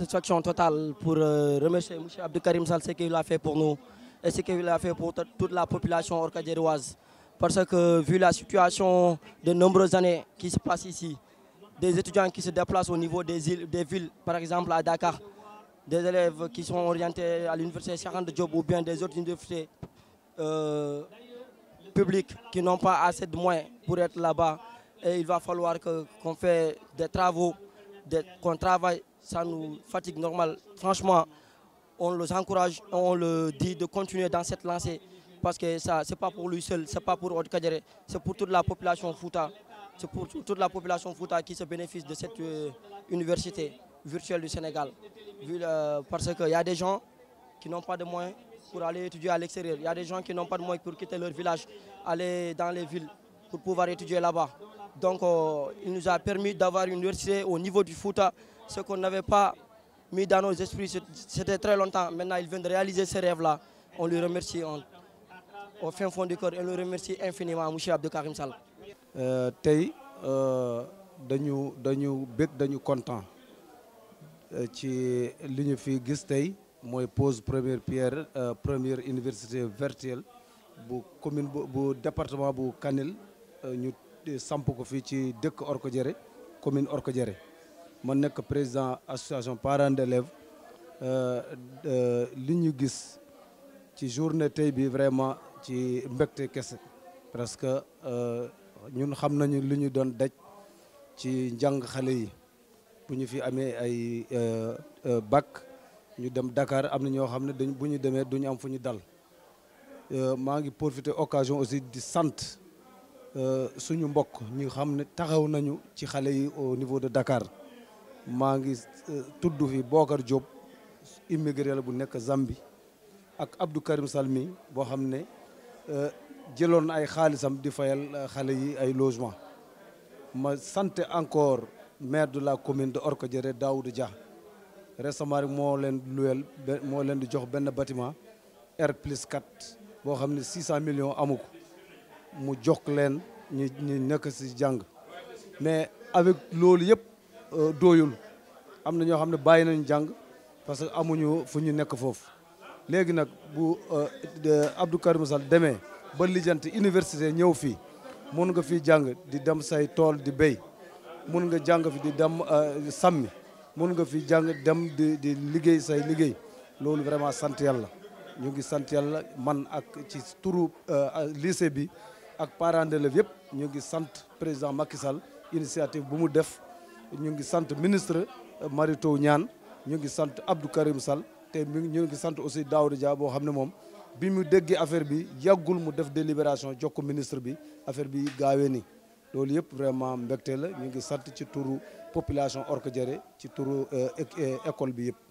satisfaction totale pour euh, remercier M. Abdoukarim Sall ce qu'il a fait pour nous et ce qu'il a fait pour toute la population orcadéroise. Parce que vu la situation de nombreuses années qui se passe ici, des étudiants qui se déplacent au niveau des, îles, des villes, par exemple à Dakar, des élèves qui sont orientés à l'université Sarandjob de Job ou bien des autres universités euh, publiques qui n'ont pas assez de moyens pour être là-bas. Et il va falloir qu'on fait des travaux, qu'on travaille ça nous fatigue normal. Franchement, on les encourage, on le dit de continuer dans cette lancée parce que ça, c'est pas pour lui seul, c'est pas pour Odkadere, c'est pour toute la population Fouta. C'est pour toute la population Fouta qui se bénéficie de cette euh, université virtuelle du Sénégal. Euh, parce qu'il y a des gens qui n'ont pas de moyens pour aller étudier à l'extérieur. Il y a des gens qui n'ont pas de moyens pour quitter leur village, aller dans les villes pour pouvoir étudier là-bas. Donc euh, il nous a permis d'avoir une université au niveau du foot, ce qu'on n'avait pas mis dans nos esprits, c'était très longtemps. Maintenant, il vient de réaliser ces rêves là On lui remercie au fin fond du corps. et on le remercie infiniment, M. Abdelkarim Karim Sal. Euh, tey euh, dañu dañu dañu content ci pose première pierre première université virtuelle bu commune département bu Kanel Euh, ñu euh, samp ko fii ci dëkk Orkadiéré commune Orkadiéré ma nekk président association parents d'élèves euh, li ñu gis ci journée tey bi vraiment ci mbégte kese parce que ñun xam nañu li ñu doon daj ci njàng xale yi bu ñu fi amee ay bac ñu dem Dakar am na ñoo xam ne dañ bu ñu demee duñu am fu ñu dal maa ngi profiter occasion aussi di sant Euh, suñu mbokk ñu xam ne taxaw nañu ci xale yi au niveau de Dakar maa ngi euh, tudd fi Bokar Diop immigré la bu nekk Zambie ak Abdou Karim Salmi boo xam ne euh, jëloon ay xaalisam di fayal xale yi ay logement ma sant encore mais de la commune de Orkadiéré Daoud Dia récemment rek moo leen luweel moo leen di jox benn batiment R plus 4 boo xam ne 600 millions amu ko mu jox leen ñu nekk si jàng mais avec loolu yëpp euh, doyul am na ñoo xam ne bàyyi nañ jàng parce que amuñu fu ñu nekk foofu léegi nag bu euh, Abdou Karim Sall demee ba lijjanti université ñëw fii mun nga fi jàng di dem say tool di béy mun nga jàng fi di dem euh, sàmmi mun nga fi jàng dem di di liggéey say liggéey loolu vraiment sant yàlla ñu ngi sant yàlla man ak ci turu lycée bi ak parents d'élèves yëpp ñu ngi sant président Macky sal initiative bu mu def ñu ngi sant ministre euh, Mary Teuw Niane ñu ngi sant Abdou Karim sal te ñu ngi sant aussi Daouda Dia boo xam ne moom bi mu déggee affaire bi yàggul mu def délibération jokk ministre bi affaire bi gaawee ni loolu yëpp vraiment mbégte la ñu ngi sant ci turu population Orkadiéré ci turu euh, école bi yëpp